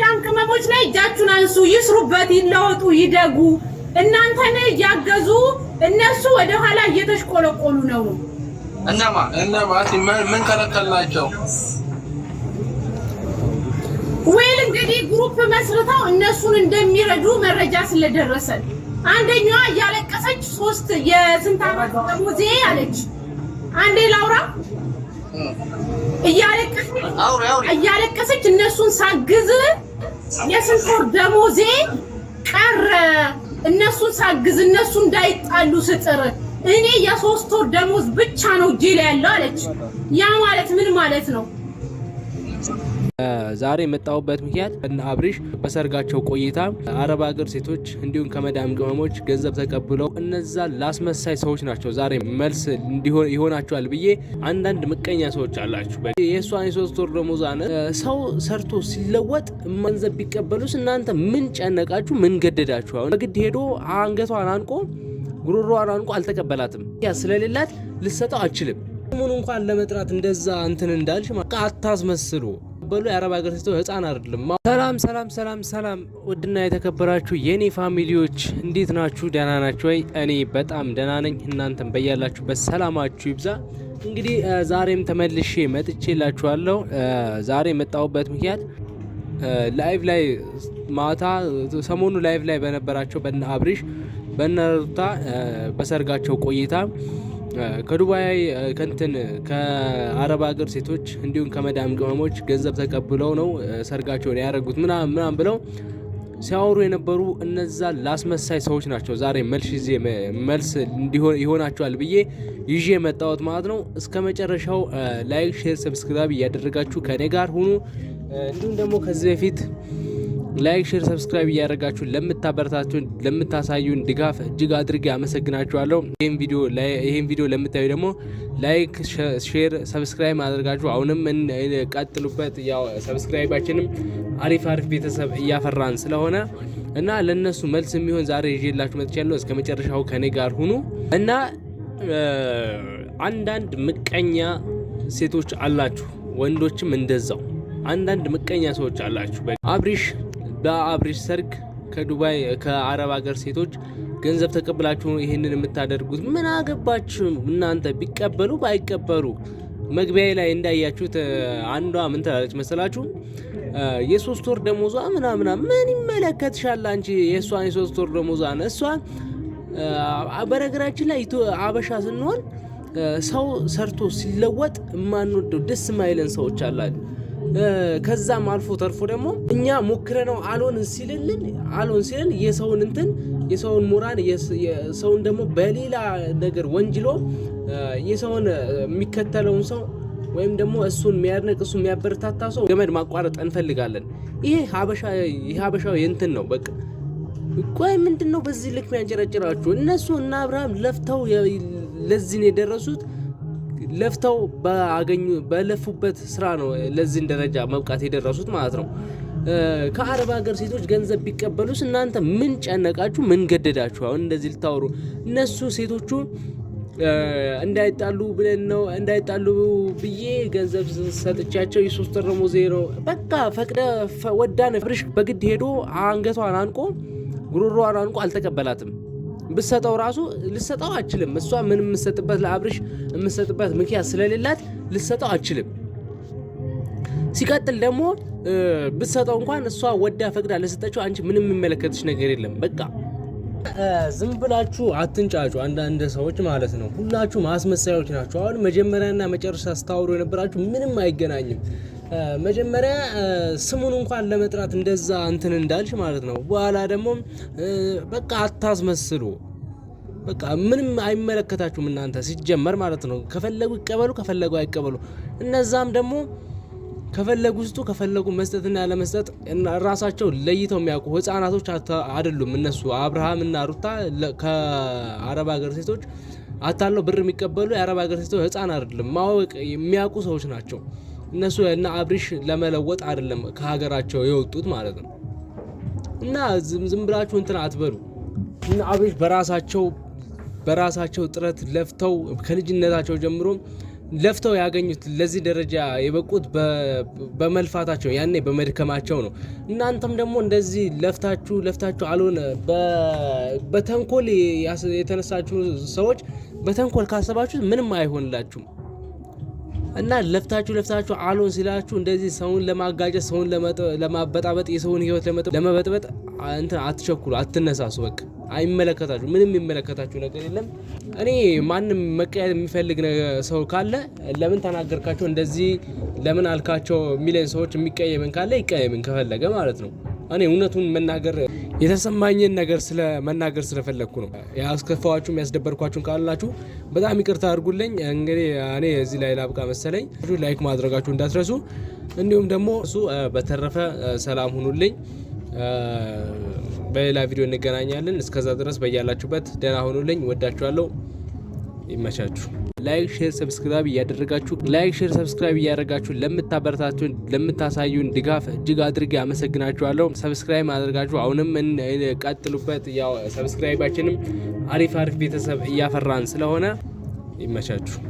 የመዳን ቅመሞች ላይ እጃችሁን አንሱ። ይስሩበት፣ ይለወጡ፣ ይደጉ። እናንተን እያገዙ እነሱ ወደ ኋላ እየተሽቆለቆሉ ነው። እነማ እነማ ምን ከለከልናቸው? ወይል እንግዲህ ግሩፕ መስርተው እነሱን እንደሚረዱ መረጃ ስለደረሰን አንደኛዋ እያለቀሰች ሶስት የስንት አመት ሙዜ አለች። አንዴ ላውራ እያለቀሰች እነሱን ሳግዝ የስንት ወር ደሞዜ ቀረ። እነሱን ሳግዝ እነሱ እንዳይጣሉ ስጥር እኔ የሶስት ወር ደሞዝ ብቻ ነው እጄ ላይ ያለው አለች። ያ ማለት ምን ማለት ነው? ዛሬ የመጣሁበት ምክንያት እነ አብሪሽ በሰርጋቸው ቆይታ አረብ ሀገር ሴቶች እንዲሁም ከመዳም ቅመሞች ገንዘብ ተቀብለው እነዛ ላስመሳይ ሰዎች ናቸው ዛሬ መልስ ይሆናቸዋል ብዬ አንዳንድ ምቀኛ ሰዎች አላችሁ። የእሷን የሶስት ወር ደሞዟን ሰው ሰርቶ ሲለወጥ ገንዘብ ቢቀበሉስ እናንተ ምን ጨነቃችሁ? ምን ገደዳችሁ? አሁን በግድ ሄዶ አንገቷን አንቆ ጉሮሮዋን አንቆ አልተቀበላትም። ያ ስለሌላት ልሰጠው አችልም። ምኑ እንኳን ለመጥራት እንደዛ እንትን እንዳልሽ አታስመስሉ። የሚቀበሉ የአረብ ሀገር ሴቶች ህፃን አይደለም። ሰላም ሰላም ሰላም ሰላም፣ ውድና የተከበራችሁ የኔ ፋሚሊዎች እንዴት ናችሁ? ደህና ናችሁ ወይ? እኔ በጣም ደህና ነኝ። እናንተም በያላችሁበት ሰላማችሁ ይብዛ። እንግዲህ ዛሬም ተመልሼ መጥቼላችኋለሁ። ዛሬ የመጣሁበት ምክንያት ላይቭ ላይ ማታ ሰሞኑ ላይቭ ላይ በነበራቸው በነ አብሪሽ በነ ሩታ በሰርጋቸው ቆይታ ከዱባይ ከንትን ከአረብ ሀገር ሴቶች እንዲሁም ከመዳም ቅመሞች ገንዘብ ተቀብለው ነው ሰርጋቸውን ያደረጉት ምናምን ምናምን ብለው ሲያወሩ የነበሩ እነዛ ላስመሳይ ሰዎች ናቸው። ዛሬ መልስ ይዤ መልስ ይሆናቸዋል ብዬ ይዤ የመጣሁት ማለት ነው። እስከ መጨረሻው ላይክ፣ ሼር፣ ሰብስክራይብ እያደረጋችሁ ከኔ ጋር ሁኑ። እንዲሁም ደግሞ ከዚህ በፊት ላይክ፣ ሼር፣ ሰብስክራይብ እያደረጋችሁ ለምታበረታችሁን ለምታሳዩን ድጋፍ እጅግ አድርጌ አመሰግናችኋለሁ። ይህም ቪዲዮ ለምታዩ ደግሞ ላይክ፣ ሼር፣ ሰብስክራይብ አድርጋችሁ አሁንም ቀጥሉበት። ያው ሰብስክራይባችንም አሪፍ አሪፍ ቤተሰብ እያፈራን ስለሆነ እና ለእነሱ መልስ የሚሆን ዛሬ ይዤላችሁ መጥቻለሁ። እስከ መጨረሻው ከኔ ጋር ሁኑ እና አንዳንድ ምቀኛ ሴቶች አላችሁ፣ ወንዶችም እንደዛው አንዳንድ ምቀኛ ሰዎች አላችሁ። አብሪሽ በአብሬጅ ሰርግ ከዱባይ ከአረብ ሀገር ሴቶች ገንዘብ ተቀብላችሁ ይህንን የምታደርጉት ምን አገባችሁ እናንተ? ቢቀበሉ ባይቀበሉ መግቢያ ላይ እንዳያችሁት አንዷ ምን ትላለች መሰላችሁ? የሶስት ወር ደሞዟ ምናምና ምን ይመለከትሻል አንቺ የእሷን የሶስት ወር ደሞዟን እሷ በነገራችን ላይ አበሻ ስንሆን ሰው ሰርቶ ሲለወጥ የማንወደው ደስ ማይለን ሰዎች አላል ከዛም አልፎ ተርፎ ደግሞ እኛ ሞክረ ነው አልሆን ሲልልን አልሆን ሲልን የሰውን እንትን የሰውን ሞራል የሰውን ደግሞ በሌላ ነገር ወንጅሎ የሰውን የሚከተለውን ሰው ወይም ደግሞ እሱን የሚያድነቅ እሱ የሚያበረታታ ሰው ገመድ ማቋረጥ እንፈልጋለን። ይሄ ሀበሻዊ እንትን ነው በቃ። ቆይ ምንድን ነው በዚህ ልክ ሚያንጨረጭራችሁ? እነሱ እና አብርሃም ለፍተው ለዚህ ነው የደረሱት። ለፍተው በአገኙ በለፉበት ስራ ነው ለዚህን ደረጃ መብቃት የደረሱት ማለት ነው። ከአረብ ሀገር ሴቶች ገንዘብ ቢቀበሉስ እናንተ ምን ጨነቃችሁ? ምን ገደዳችሁ? አሁን እንደዚህ ልታወሩ እነሱ ሴቶቹ እንዳይጣሉ ብለን ነው እንዳይጣሉ ብዬ ገንዘብ ሰጥቻቸው የሶስት ወር ዜሮ በቃ ፈቅደ ወዳነ ፍርሽ በግድ ሄዶ አንገቷን አንቆ ጉሮሯን አንቆ አልተቀበላትም። ብሰጠው ራሱ ልሰጠው አችልም። እሷ ምን የምሰጥበት ለአብርሽ የምሰጥበት ምክንያት ስለሌላት ልሰጠው አችልም። ሲቀጥል ደግሞ ብትሰጠው እንኳን እሷ ወዳ ፈቅዳ ለሰጠችው አንቺ ምንም የሚመለከትሽ ነገር የለም። በቃ ዝም ብላችሁ አትንጫጩ። አንዳንድ ሰዎች ማለት ነው ሁላችሁ ማስመሳያዎች ናቸው። አሁን መጀመሪያና መጨረሻ ስታወሩ የነበራችሁ ምንም አይገናኝም። መጀመሪያ ስሙን እንኳን ለመጥራት እንደዛ እንትን እንዳልሽ ማለት ነው። በኋላ ደግሞ በቃ አታስመስሉ፣ በቃ ምንም አይመለከታችሁም እናንተ ሲጀመር ማለት ነው። ከፈለጉ ይቀበሉ፣ ከፈለጉ አይቀበሉ። እነዛም ደግሞ ከፈለጉ ውስጡ ከፈለጉ መስጠትና ያለመስጠት ራሳቸው ለይተው የሚያውቁ ህፃናቶች አይደሉም እነሱ። አብርሃም እና ሩታ ከአረብ ሀገር ሴቶች አታለው ብር የሚቀበሉ የአረብ ሀገር ሴቶች ህፃን አይደለም፣ ማወቅ የሚያውቁ ሰዎች ናቸው። እነሱ እና አብሪሽ ለመለወጥ አይደለም ከሀገራቸው የወጡት ማለት ነው። እና ዝም ብላችሁ እንትን አትበሉ። እና አብሪሽ በራሳቸው በራሳቸው ጥረት ለፍተው ከልጅነታቸው ጀምሮ ለፍተው ያገኙት ለዚህ ደረጃ የበቁት በመልፋታቸው ያኔ በመድከማቸው ነው። እናንተም ደግሞ እንደዚህ ለፍታችሁ ለፍታችሁ አልሆነ በተንኮል የተነሳችሁ ሰዎች በተንኮል ካሰባችሁት ምንም አይሆንላችሁም። እና ለፍታችሁ ለፍታችሁ አሎን ሲላችሁ እንደዚህ ሰውን ለማጋጨት ሰውን ለማበጣበጥ የሰውን ህይወት ለመበጥበጥ እንትን አትቸኩሉ፣ አትነሳሱ። በቃ አይመለከታችሁ፣ ምንም የሚመለከታችሁ ነገር የለም። እኔ ማንም መቀየር የሚፈልግ ሰው ካለ ለምን ተናገርካቸው እንደዚህ ለምን አልካቸው የሚለን ሰዎች የሚቀየምን ካለ ይቀየምን ከፈለገ ማለት ነው። እኔ እውነቱን መናገር የተሰማኝን ነገር ስለ መናገር ስለፈለግኩ ነው። ያስከፋዋችሁም ያስደበርኳችሁን ካላችሁ በጣም ይቅርታ አድርጉልኝ። እንግዲህ እኔ እዚህ ላይ ላብቃ መሰለኝ። ላይክ ማድረጋችሁ እንዳትረሱ፣ እንዲሁም ደግሞ እሱ በተረፈ ሰላም ሁኑልኝ። በሌላ ቪዲዮ እንገናኛለን። እስከዛ ድረስ በያላችሁበት ደህና ሁኑልኝ። ወዳችኋለሁ። ይመቻችሁ። ላይክ፣ ሼር፣ ሰብስክራይብ እያደረጋችሁ ላይክ፣ ሼር፣ ሰብስክራይብ እያደረጋችሁ ለምታበረታቱን ለምታሳዩን ድጋፍ እጅግ አድርጌ አመሰግናችኋለሁ። ሰብስክራይብ አድርጋችሁ አሁንም ቀጥሉበት። ያው ሰብስክራይባችንም አሪፍ አሪፍ ቤተሰብ እያፈራን ስለሆነ ይመቻችሁ።